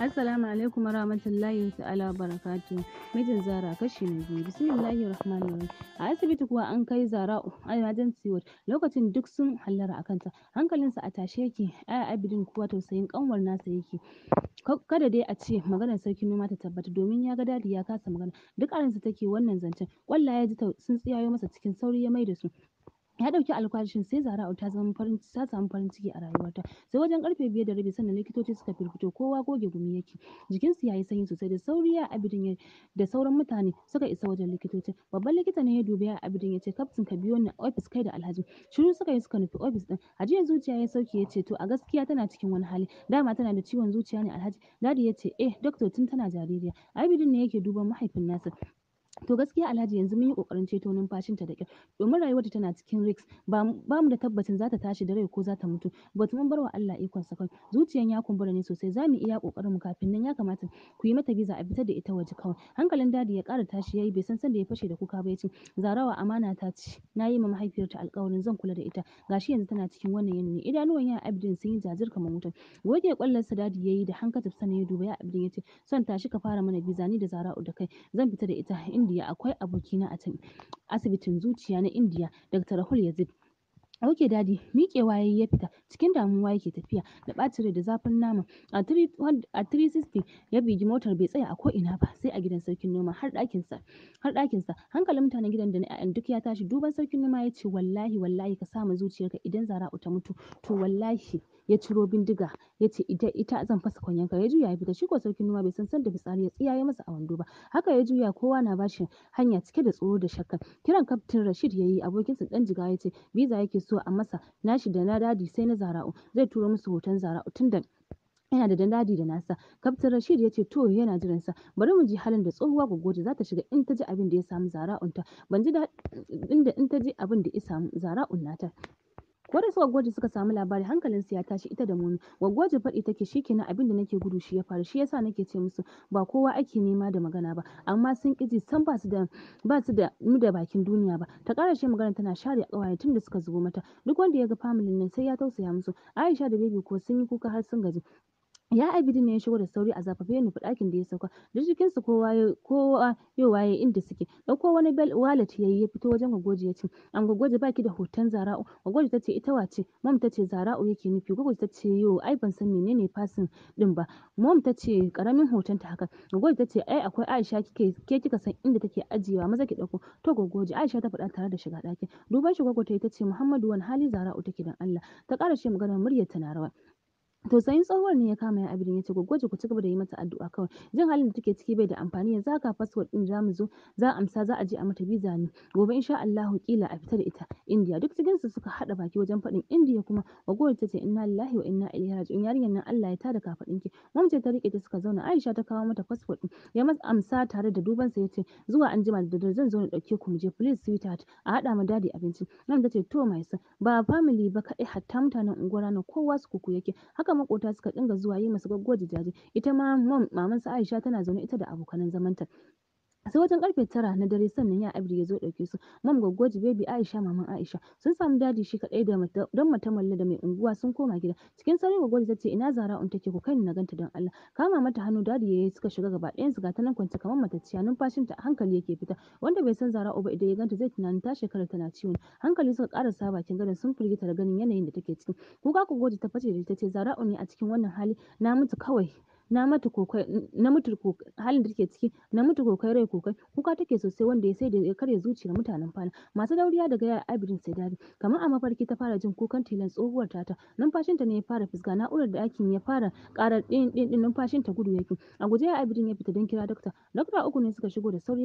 Assalamu alaikum warahmatullahi ta'ala barakatu. Mijin Zara kashi na biyu. Bismillahir Rahmanir Rahim. A asibiti kuwa an kai Zara a emergency ward lokacin duk sun hallara a kanta. Hankalinsa a tashe yake. Aya Abidin kuwa tausayin kanwar nasa yake. Kada dai a ce maganar sarkin noma ta tabbata domin ya ga dadi ya kasa magana. Duk aransa take wannan zancen. Wallahi ya ji sun tsiyayo masa cikin sauri ya mai da su. ya dauki alwashin sai Zara'u ta zama farin ta samu farin ciki a rayuwarta sai wajen karfe biyar da rabi sannan likitoci suka firfito kowa goge gumi yake jikin su yayi sanyi sosai da sauri ya abidin da sauran mutane suka isa wajen likitocin babban likita ne ya dubi ya abidin yace kaftin ka biyo ni ofis kai da alhaji shiru suka yi suka nufi ofis din ajiyar zuciya ya sauke ce to a gaskiya tana cikin wani hali dama tana da ciwon zuciya ne alhaji dadi ce eh doctor tun tana jaririya abidin ne yake duban mahaifin nasa To gaskiya Alhaji yanzu mun yi ƙoƙarin ceto ta da kyau domin rayuwar rayuwarta tana cikin risk ba mu da tabbacin za ta tashi da rai ko za ta mutu but mun bar wa Allah ikon sa kai zuciyan ya kumbura ne sosai za mu iya ƙoƙarin mu kafin nan ya kamata ku yi mata biza a fitar da ita waje kawai hankalin dadi ya ƙara tashi yayi bai san sanda ya fashe da kuka ba yace zarawa amana ta ce na yi ma mahaifiyarta alƙawarin zan kula da ita gashi yanzu tana cikin wannan yanayi idanuwan ya abdin sun yi jajir kamar wuta goge kwallon sa dadi yayi da hankacin sa ya duba ya abdin son tashi ka fara mana biza ni da zara'u da kai zan fita da ita inda Indiya akwai abokina a asibitin zuciya na Indiya Dr. Rahul Yazid. Ok Daddy, miƙewa ya ya fita, cikin damuwa yake tafiya, da ɓacin rai da zafin nama. A 360 ya bigi motar bai tsaya a ko ina ba, sai a gidan Sarkin Noma har ɗakinsa. Hankalin mutanen gidan da na yan duk ya tashi, duban Sarkin Noma ya ce, wallahi wallahi ka sa ma zuciyarka idan Zara'u ta mutu, to wallahi. ya ciro bindiga ya ce ita ita zan fasa ka ya juya ya fita shi ko sarkin noma bai san san da fitsari ya tsiyaye masa a wando ba haka ya juya kowa na bashi hanya cike da tsoro da shakka kiran kaftin Rashid ya yi abokinsa dan jiga ya ce biza yake so a masa nashi da na dadi sai na Zara'u zai turo musu hoton Zara'u tunda yana da dandadi da nasa kaftin rashid ya ce to yana jiran sa bari mu ji halin da tsohuwa goggoje za ta shiga in ta ji abin da ya samu zara'unta ban ji da da in ta ji abin da ya samu zara'un nata Ko sai suka gwaji suka samu labari hankalinsu ya tashi ita da muni Gwaggwaje faɗi take shikenan abin da nake gudu shi ya faru shi yasa nake ce musu ba kowa ake nema da magana ba amma sun ƙiji san ba su da ba da mu da bakin duniya ba. Ta ƙara shi magana tana share ƙawaye tun da suka zubo mata. Duk wanda ya ga familin nan sai ya tausaya musu. Aisha da Baby ko sun yi kuka har sun gaji. Ya Abidin ne ya shigo da sauri a zafafe ya nufi ɗakin da ya sauka, duk su kowa kowa ya waye inda suke. Ɗauko wani bel ya yayi ya fito wajen gwaggoji ya ce, Am Gwaggwaje ba da hoton Zara'u? gwaggoji ta ce, Ita wace? Mom ta ce, Zara'u yake nufi. gwaggoji ta ce, Yo, ai ban san menene fasin ɗin ba. Mom ta ce, Ƙaramin hoton ta haka. gwaggoji ta ce, Ai akwai Aisha kike ke kika san inda take ajiyewa maza ki ɗauko. To gwaggoji Aisha ta faɗa tare da shiga ɗakin. Duban shi Gwaggwaje ta ce, Muhammadu wani hali Zara'u take dan Allah. Ta ƙara ce maganar muryar ta na rawa. Tausayin tsohuwar ne ya kama abin ya ce, gwaje ku gaba da yi mata addu'a kawai, jin halin da take ciki bai da amfani, yanzu haka fasfo ɗin mu zo za a amsa za a je a mata biza ne, gobe in sha Allahu kila a fita da ita Indiya." Duk su suka haɗa baki wajen faɗin Indiya kuma Gwaggwaje ta ce, "Inna lillahi wa inna ilaihi raji'un yarinyar nan Allah ya tada kafaɗin ki." Mom ce ta riƙe ta suka zauna, Aisha ta kawo mata fasfo ɗin, ya amsa tare da duban sa ce "Zuwa anjima da daddare zan zo na ɗauke ku mu je please sweetheart a haɗa ma dadi abinci." nan ta ce, "To my son." Ba family ba kaɗai hatta mutanen unguwar na kowa sukuku yake, haka Haka maƙota suka dinga zuwa yi masa da jaje, ita ma maman Aisha tana zaune ita da abokanan zamanta. Sai wajen ƙarfe tara na dare sannan ya Abdu ya zo ɗauke su. mam Goggo Baby Aisha Maman Aisha sun samu daji shi kaɗai don mata malla da mai unguwa sun koma gida. Cikin sauri Goggo ta ce ina Zara'un take ku kai ni na ganta don Allah. Kama mata hannu Dadi yayi suka shiga gaba ɗayan su ga ta nan kwance kamar matacciya numfashinta a hankali yake fita. Wanda bai san Zara'u ba idan ya ganta zai tunanin ta shekara tana ciwon. Hankali suka kara bakin gadon sun firgita da ganin yanayin da take ciki. Kuka Goggo ta face da ta ce Zara'u ne a cikin wannan hali na mutu kawai. na mata na mutu halin da take ciki na mutu kokar rai kokai, kuka take sosai wanda ya sai da ya karya zuciyar mutanen fana masu dauriya daga yaya abirin sai dadi kamar a mafarki ta fara jin kukan tilan tsohuwar tata numfashinta ne ya fara fisga na'urar da akin ya fara karar ɗin ɗin ɗin numfashinta gudu yake a guje ya abirin ya fita don kira dokta dokta uku ne suka shigo da sauri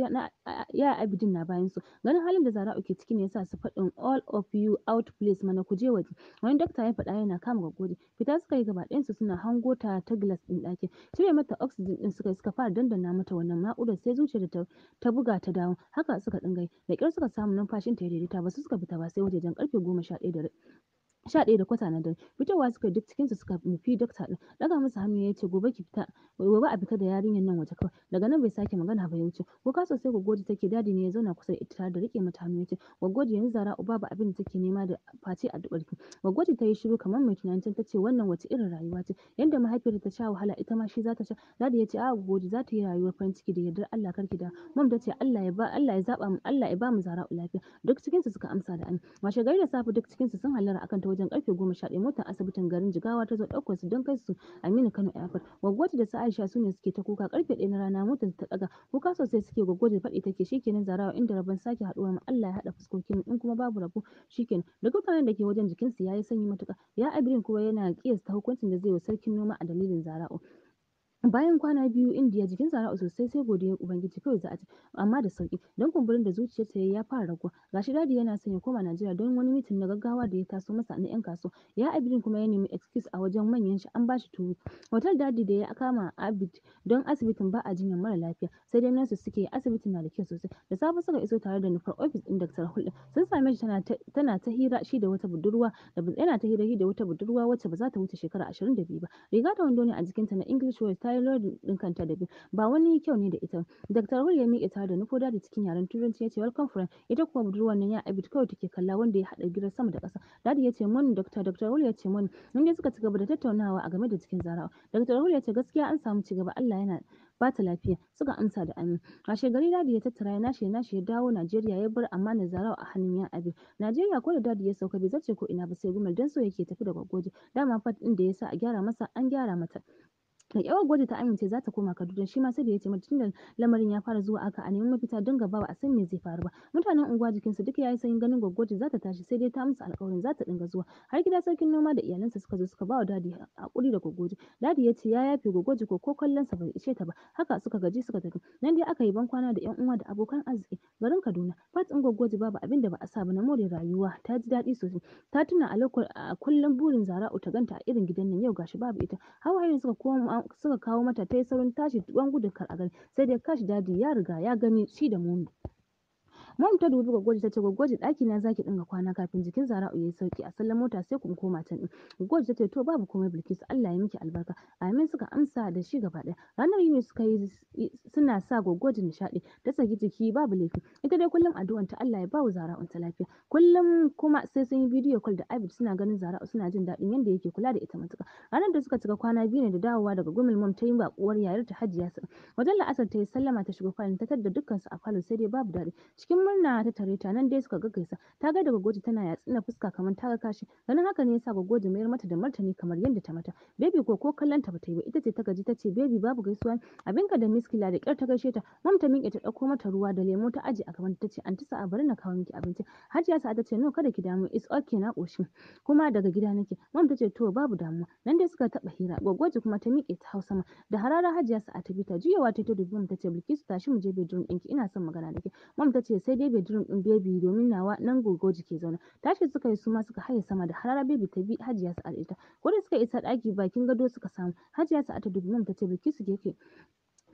ya abidin na bayan su ganin halin da zara ake ciki ne yasa su faɗin all of you out please mana ku je waje wani dokta ya faɗa yana kama gwaggwaje fita suka yi gaba suna hango ta ta glass ɗin ɗakin Cire mata oxygen din suka suka fara dandana mata wannan na'urar sai zuciyar ta ta buga ta dawo. Haka suka dinga yi. Da kyar suka samu numfashin ta ya daidaita. Ba su suka fita ba sai wajejen karfe goma sha ɗaya da Sha ɗaya da kwata na dare, fitowa suka yi cikin su suka nufi dakta ɗin. daga musu hannu ya ce, "Gobe ki fita, gobe a fita da yarinyar nan waje kawai." Daga nan bai sake magana ba ya wuce. Kuka sosai Goggoji take, Dadi ne ya zauna kusa da ita tare da riƙe mata hannu ya ce, "Goggoji yanzu Zara'u babu abin da take nema da face addu'arki." Goggoji ta yi shiru kamar mai tunani can ta ce, "Wannan wace irin rayuwa ce? Yanda mahaifiyarta ta sha wahala ita ma shi za ta sha." Dadi ya ce, a Goggoji za ta yi rayuwar farin ciki da yardar Allah kar ki damu." Mom ta ce, "Allah ya ba Allah ya zaɓa mu Allah ya ba mu Zara'u lafiya." Duk cikinsu suka amsa da ani Washe gari da safe duk cikinsu sun hallara akan ta wajen karfe daya motar asibitin garin Jigawa ta zo ɗaukar su don kai su Aminu Kano Airport. Gwaggwaje da Aisha su ne suke ta kuka karfe ɗaya na rana motar ta ɗaga. kuka sosai suke da faɗi take shikenan zarawa inda rabon sake haɗuwa mu Allah ya haɗa fuskokin in kuma babu rabo shikenan. Da mutanen da ke wajen jikinsu yi sanyi matuƙa. Ya ibrahim kuwa yana kiyasta hukuncin da zai wa sarkin noma a dalilin zara'u. Bayan kwana biyu, Indiya, jikin ra'u sosai sai godiyar Ubangiji kawai za a ce, amma da sauki don kumburin da zuciyar ta yi ya fara raguwa. gashi shi Dadi yana son ya koma Najeriya don wani mitin na gaggawa da ya taso masa na ‘yan kasuwa. Ya Abidin kuma ya nemi excuse a wajen manyan shi an ba shi tuwo Hotel Dadi da ya kama Abid don asibitin ba a jinyar mara lafiya, sai dai nasu suke asibitin na da kyau sosai. Da safe suka iso tare da nufar ofis ɗin Dr. Hulɗin. Sun same shi tana ta hira shi da wata budurwa yana ta hira da wata budurwa wacce ba za ta wuce shekara ashirin da biyu ba. Riga ta wando ne a jikinta na English ta yi din ɗin kanta da Ba wani kyau ne da ita. Dr. Will ya miƙe tare da nufo da cikin yaren Turanci ya ce welcome friend. Ita kuma budurwar nan ya abid kawai take kalla wanda ya hada gidan sama da ƙasa. Dadi ya ce mun Dr. Dr. ya ce mun. ji suka ci da tattaunawa a game da cikin zarawa. Dr. Will ya gaskiya an samu ci gaba Allah yana ba ta lafiya suka amsa da amin a gari dadi ya tattara ya nashe nashe ya dawo najeriya ya bar amma na zarawa a hannun yan abin najeriya ko da dadi ya sauka bai zace ko ina ba sai gumal dan so yake tafi da gwaggwaje dama fat din da ya sa a gyara masa an gyara mata ta yawar Gwada ta amince za ta koma Kaduna shi ma sai da ya ce da lamarin ya fara zuwa aka a neman mafita don gaba ba a san me zai faru ba. Mutanen unguwa su duk yayi sanin ganin Gwaggwaje za ta tashi sai dai ta musu alƙawarin za ta dinga zuwa. Har gida sarkin noma da iyalansa suka zo suka ba wa dadi hakuri da Gwaggwaje. Dadi ya ce ya yafe Gwaggwaje ko kallon sa bai ishe ta ba. Haka suka gaji suka tafi. Nan dai aka yi ban kwana da yan uwa da abokan arziki garin Kaduna. fat Fatin Gwaggwaje babu abin da ba a sa ba na more rayuwa ta ji dadi sosai. Ta tuna a kullum burin Zara'u ta ganta a irin gidan nan yau gashi babu ita. hawaye suka koma suka kawo mata tayi saurin tashi ruwan gudu kar a gani, sai dai kashi dadi ya riga ya gani shi da Momi. Maryam ta dubi gwaggwaji ta ce gwaggwaji ɗaki na zaki dinga kwana kafin jikin Zara'u yayi sauki a sallan mota sai kun koma can din. Gwaggwaji ta ce to babu komai bilkis Allah ya miki albarka. Amin suka amsa da shi gaba ɗaya. Ranar yini suka yi suna sa gwaggwaji nishaɗi ta saki jiki babu laifi. Ita dai kullum addu'an ta Allah ya bawa Zara'u ta lafiya. Kullum kuma sai sun yi bidiyo call da Abid suna ganin Zara'u suna jin daɗin yadda yake kula da ita matuƙa. Ranar da suka cika kwana biyu ne da dawowa daga gumin mom ta yi bakuwar yayar ta Hajiya. Wajen la'asar ta yi sallama ta shiga falon ta tadda dukkansu a falon sai dai babu daɗi. Cikin murna ta tare ta nan dai suka ga gaggaisa ta ga daga goji tana yatsuna fuska kamar ta ga kashi ganin haka ne yasa gogoji mayar mata da martani kamar yadda ta mata baby ko ko kallon ta bata yi ba ita ce ta gaji ta ce baby babu gaisuwa Abin ka da miskila da kyar ta gaishe ta mam ta miƙe ta dauko mata ruwa da lemo ta aje a gaban ta ce anti sa'a bari na kawo miki abinci hajiya sa'a ta ce no kada ki damu it's okay na koshi kuma daga gida nake mam ta ce to babu damuwa nan dai suka taba hira gogoji kuma ta miƙe ta hau da harara hajiya sa ta bi ta juyawa ta ta dubi mam ta ce bilkisu tashi mu je bedroom ɗinki ina son magana da ke mam ta ce sai daidai bedroom ɗin Baby domin nawa nan Gogoji ke zauna Tashi suka yi suma suka haye sama da harara Baby ta bi Hajiya Sa'ad ita. Ko da suka isa ɗaki bakin gado suka samu. Hajiya Sa'ad ta dubi Mam ta ce su ke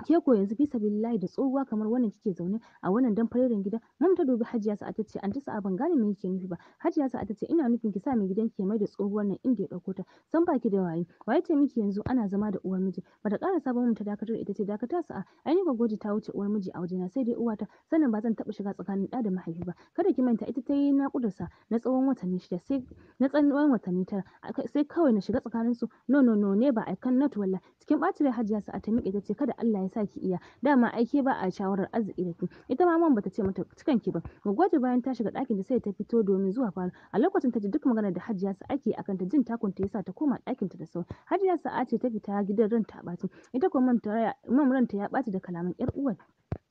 ke ko yanzu bisa sabilillahi da tsohuwa kamar wannan kike zaune a wannan dan fareren gida mun ta dubi hajiya sa'a ta ce an sa'a ban gane me yake nufi ba hajiya sa'a ta ce ina nufin ki sa mai gidan ki mai da tsohuwar nan inda ya dauko ta san baki da waye waye ce miki yanzu ana zama da uwar miji bata ƙara sabon mun ta dakatar ita ce dakata sa'a ai ni gwaji ta wuce uwar miji a wajena sai dai uwata sannan ba zan taba shiga tsakanin da da mahaifi ba kada ki manta ita ta yi sa na tsawon watanni shida sai na tsawon watanni tara sai kawai na shiga tsakaninsu no no no ne ba kan not walla cikin ɓacin hajiya sa'a ta miƙe ta kada Allah ya yasa ki iya dama ai ke ba a shawarar arziki da ki ita ma mun bata ce mata cikan ki ba gwaje bayan ta shiga dakin da sai ta fito domin zuwa falo a lokacin ta ji duk magana da hajiya sa ake akan ta jin takunta ya yasa ta koma dakin ta da sauri hajiya sa ce ta fita gidan ranta a ɓaci ita kuma mom ranta ya bata da kalaman yar uwar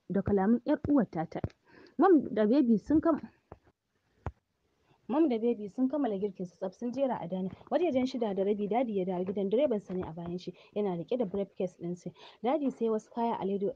da kalaman yar uwar ta mom da baby sun kama mam da baby sun kammala girkin su tsaf sun jera a dana. Wajejen shida da rabi dadi ya dawo gidan direban sa ne a bayan shi yana rike da briefcase din sa. Dadi sai wasu kaya a ledo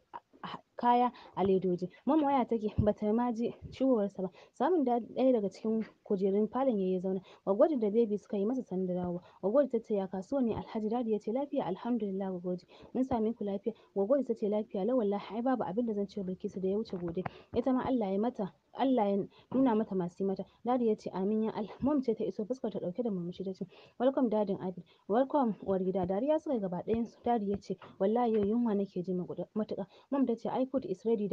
kaya a ledoji. Mama waya take Bata ma ji ciwowarsa ba. Samun ɗaya daga cikin kujerun falon ya ya zauna. Gwaggwaji da bebi suka yi masa sanda dawowa. Gwaggwaji ta ce ya kasuwa ne Alhaji Dadi ya ce lafiya alhamdulillah Gwaggwaji. Mun sami ku lafiya. Gwaggwaji ta ce lafiya lau wallahi ai babu abin da zan ce Bilkisu da ya wuce gode. Ita ma Allah ya mata Allah ya nuna mata masu mata. Dadi ya ce amin ya Allah. Mom ce ta iso fuskar ta dauke da murmushi ta ce welcome dadin Abi. Welcome war gida. Dariya suka yi gaba ɗayan su. Dadi ya ce wallahi yau yunwa nake ji matuƙa. Mom ta ai my food is ready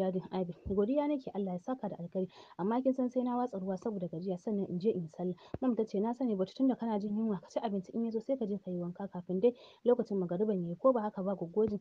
godiya nake Allah ya saka da alkai amma kin san sai na watsa ruwa saboda gajiya sannan in je in sallah mom tace na sani ba tunda kana jin yunwa ka ci abinci in yazo sai ka je kayi wanka kafin dai lokacin magariban yayi ko ba haka ba goggojin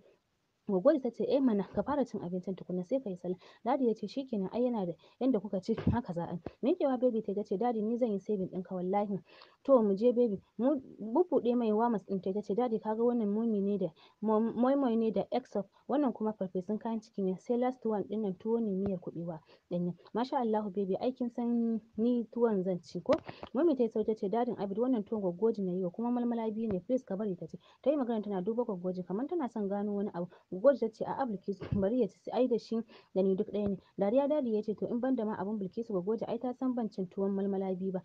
Goggo ta ce "Eh mana ka fara cin abincin tukunna sai ka yi sallah." Dadi ya ce shi "Shikenan ai yana da yanda kuka ce haka za a yi." Miƙewa Baby ta ce "Dadi ni zan yi saving ɗinka wallahi." "To mu je Baby." Bubbuɗe mai Wammas ɗin ta yi ta ce "Dadi kaga wannan mummy ne da moimoi ne da ex of wannan kuma farfesun kayan ciki ne sai last one ɗinnan tuwo ne miyar kuɓewa ne Masha Allahu Baby ai kin san ni tuwon zan ci ko?" Mummy ta yi sauri ta ce "Dadin Abid wannan tuwon Goggo ji na yi kuma malmala biyu ne please ka bari ta ci." Ta yi magana tana duba Goggo ji kamar tana son gano wani abu. Goggo ta ce a'a Bilkisu bari ya ci ai da shi da ni duk ɗaya ne. Dariya Dadi ya ce to in ban da ma abin Bilkisu goje ai ta san ban cin tuwon malmala bi ba.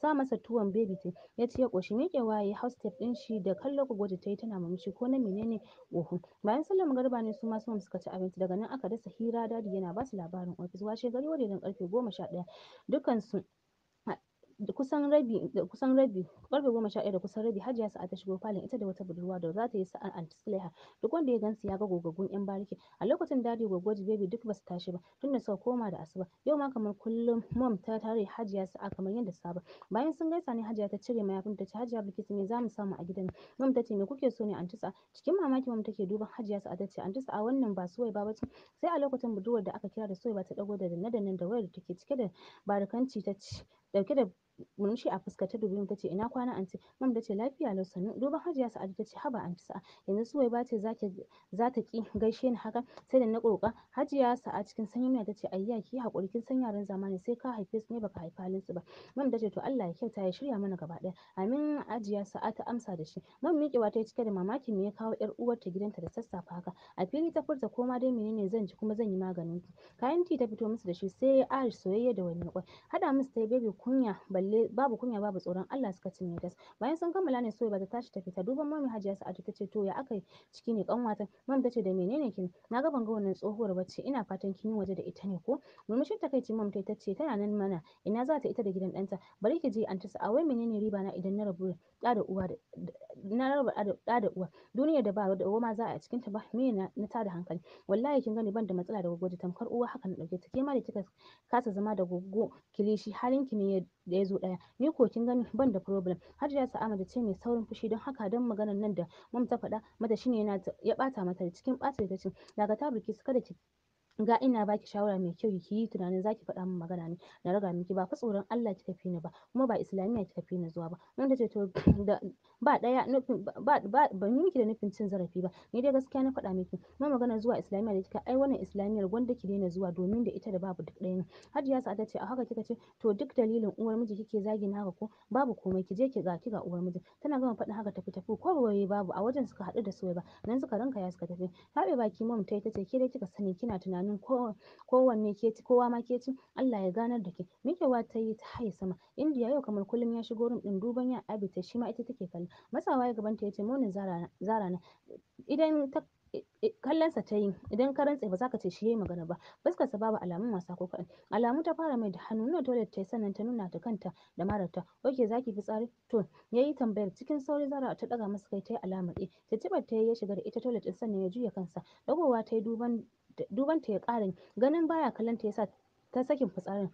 Sa masa tuwon baby ta ya ce ya ƙoshi miƙewa ya house step ɗin shi da kallon goje ta yi tana murmushi ko na menene oho. Bayan sallar magariba ne su ma Sumam suka ci abinci daga nan aka dasa hira Dadi yana ba su labarin ofis washe gari wajen ƙarfe goma sha ɗaya dukansu? da kusan rabi da kusan rabi goma sha ɗaya da kusan rabi hajiya sa'a ta shigo falon ita da wata budurwa da za ta yi sa'ar anti suleha duk wanda ya gansu ya ga gogaggun yan bariki a lokacin dadi gogoji baby duk basu tashi ba da suka koma da asuba yau ma kamar kullum mom ta tare hajiya sa'a kamar yadda saba bayan sun gaisa ne hajiya ta cire mayafin ta ce hajiya bilkis me zamu samu a gidan mom ta ce me kuke so ne anti sa'a cikin mamaki mom take duban hajiya sa'a ta ce anti sa'a wannan ba suwai ba bace sai a lokacin budurwar da aka kira da suwai ba ta dago da danne da wayar da take cike da barikanci ta ce dauke da murmushi a fuskar ta dubi ta ce ina kwana anti mam ta ce lafiya lau sannu duban hajiya sa'adu ta ce haba anti sa'a yanzu suwai ba ce za ta ki gaishe ni haka sai da na ƙoƙa hajiya sa'a cikin sanyi murya ta ce ayya ki haƙuri kin san yaran zamani sai ka haife su ne baka haifa halin su ba mam ta ce to Allah ya kyauta ya shirya mana gaba ɗaya amin hajiya sa'a ta amsa da shi mam miƙewa ta yi cike da mamaki me ya kawo ƴar uwarta gidanta da sassafa haka a fili ta furta koma dai menene zan ji kuma zan yi maganin ki kayan ta fito musu da shi sai ya ari soyayya da wani kwai haɗa musu ta yi baby kunya balle kulle babu kunya babu tsoron Allah suka mai gas bayan sun kammala ne soyayya ta tashi ta fita duban mami hajiya sa'adu tace to ya akai ciki ne kanwata mam tace da menene kin na ga ban ga wannan tsohuwar bacci ina fatan kin yi waje da ita ne ko murmushin takaici mam tai tace tana nan mana ina za ta ita da gidan danta bari ki je anti sa wai menene riba na idan na rabu da da uwa na raba da da uwa duniyar da ba da uwa ma za a cikin ta ba me na tada hankali wallahi kin gani ban da matsala da gogo tamkar uwa haka na dauke ta ke ma da kika kasa zama da gogo kilishi halin ki ne da ya zo ɗaya ni ko kin gani ban da problem hajiya sa'amatu ce mai saurin fushi don haka don maganar nan da mam ta faɗa mata shine yana ya ɓata mata cikin ɓacin da ta ce dakata bilkisu kada ki ga ina baki shawara mai kyau ki yi tunanin zaki faɗa min magana ne na raga miki ba fa tsoron Allah kika fi ni ba kuma ba islamiyya kika fi ni zuwa ba mun tace to da ba daya nufin ba ban yi miki da nufin cin zarafi ba ni dai gaskiya na faɗa miki kuma maganar zuwa islamiyya da kika ai wannan islamiyyar gwanda ki daina zuwa domin da ita da babu duk ɗayan ne hajiya saada ce a haka kika ce to duk dalilin uwar miji kike zagi na haka ko babu komai ki je ki ga ki ga uwar miji tana gama faɗin haka tafi tafi ko waye babu a wajen suka haɗu da ba nan suka ranka ya suka tafi taɓe baki mom ta tace ke dai kika sani kina tunanin ganin kowanne ke ci kowa ma ke ci Allah ya ganar da ke mikewa ta yi ta haye sama indiya yau kamar kullum ya shigo rum din duban ya abita shi ma ita take kallo matsawa ya gabanta ya ce munin zara na idan ta kallonsa ta yi idan ka rantse ba za ka ce shi yayi magana ba ta babu alamun wasa ko kaɗan alamu ta fara mai da hannu nuna toilet ta sannan ta nuna ta kanta da ta oke zaki fi tsari to yayi tambayar cikin sauri zara ta daga masa kai ta yi alamar e ta ta ya shiga da ita toilet ɗin sannan ya juya kansa dagowa ta yi duban duban ta ya ƙarin ganin baya kallon ta yasa ta sakin fitsarin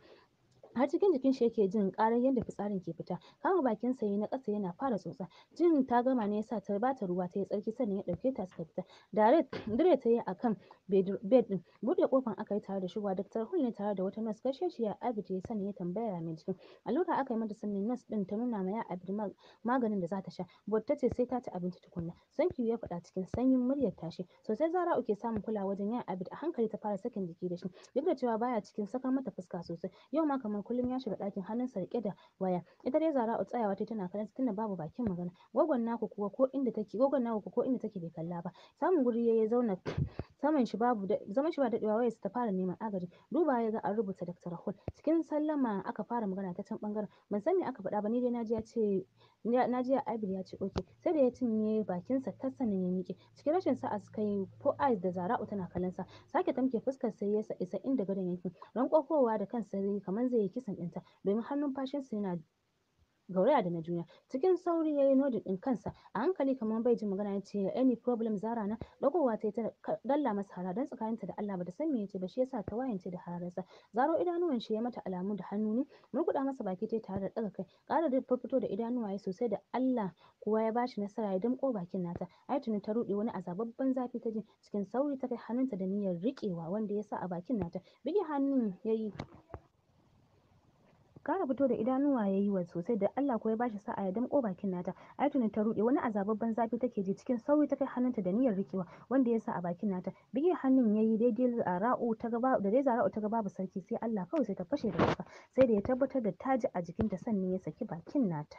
har cikin jikin shi yake jin karar yadda fitsarin ke fita kama bakin sa na ƙasa yana fara tsotsa jin ta gama ne yasa ta bata ruwa ta yi tsarki sannan ya dauke ta suka fita dare dire ta yi akan bed din buɗe kofan aka yi tare da shigowa daktar hul ne tare da wata nurse kashe shi ya abid ya sani ya tambaya mai jikin allura aka yi mata sannan nurse din ta nuna ma ya abid maganin da za ta sha bot ta ce sai ta ci abinci tukunna sanki ya faɗa cikin sanyin muryar tashi sosai zara'u ke samun kula wajen yin abid a hankali ta fara sakin jiki da shi duk da cewa baya cikin saka mata fuska sosai yau ma kamar nan kullum ya shiga ɗakin hannunsa riƙe da waya ita dai Zara'u tsayawa ta tana kallon tunda babu bakin magana gogon naku kuwa ko inda take gwaggon naku ko inda take bai kalla ba samun guri yayi zauna saman shi babu zaman shi ba dadewa su ta fara neman agaji duba ya ga an rubuta Dr. Rahul cikin sallama aka fara magana ta can ɓangaren ban san me aka faɗa ba ni dai naji ya ce na ji Abid ya ce okay sai da ya cinye bakinsa ta sanin ya miƙe cikin rashin sa'a suka yi ko eyes da Zara'u tana kallon sa sake tamke fuskar sai ya isa inda gadon yake ran kokowa da kansa kamar zai yi kisan ɗinta domin hannun fashin sa yana gauraya da na juna cikin sauri yayi nodin din kansa a hankali kamar bai ji magana ya ce any problem zara na dagowa ta ta dalla masa hara dan tsakaninta da Allah bata san me yace ba shi yasa ta wayance da hararsa zaro idanuwan shi ya mata alamu da hannu ne murkuda masa baki ta tare da daga kai ƙara da fito da idanuwaye sosai da Allah kuwa ya bashi nasara ya damƙo bakin nata tuni ta ruɗe wani azababban zafi ta ji cikin sauri ta kai hannunta da niyyar riƙewa wanda ya sa a bakin nata bige hannun yayi Ƙara fito da idanuwa ya yi wa sosai da Allah ko ya shi sa'a ya damƙo bakin nata. Ai tuni ta ruɗe wani azababban zafi take ji cikin sauri ta kai hannunta da niyyar rikewa wanda ya sa a bakin nata. bikin hannun ya yi daidai ra'u ta gaba da dai zara'u ta gaba babu sarki sai Allah kawai sai ta fashe da kuka sai da ya tabbatar da taji ji a jikinta sannan ya saki bakin nata.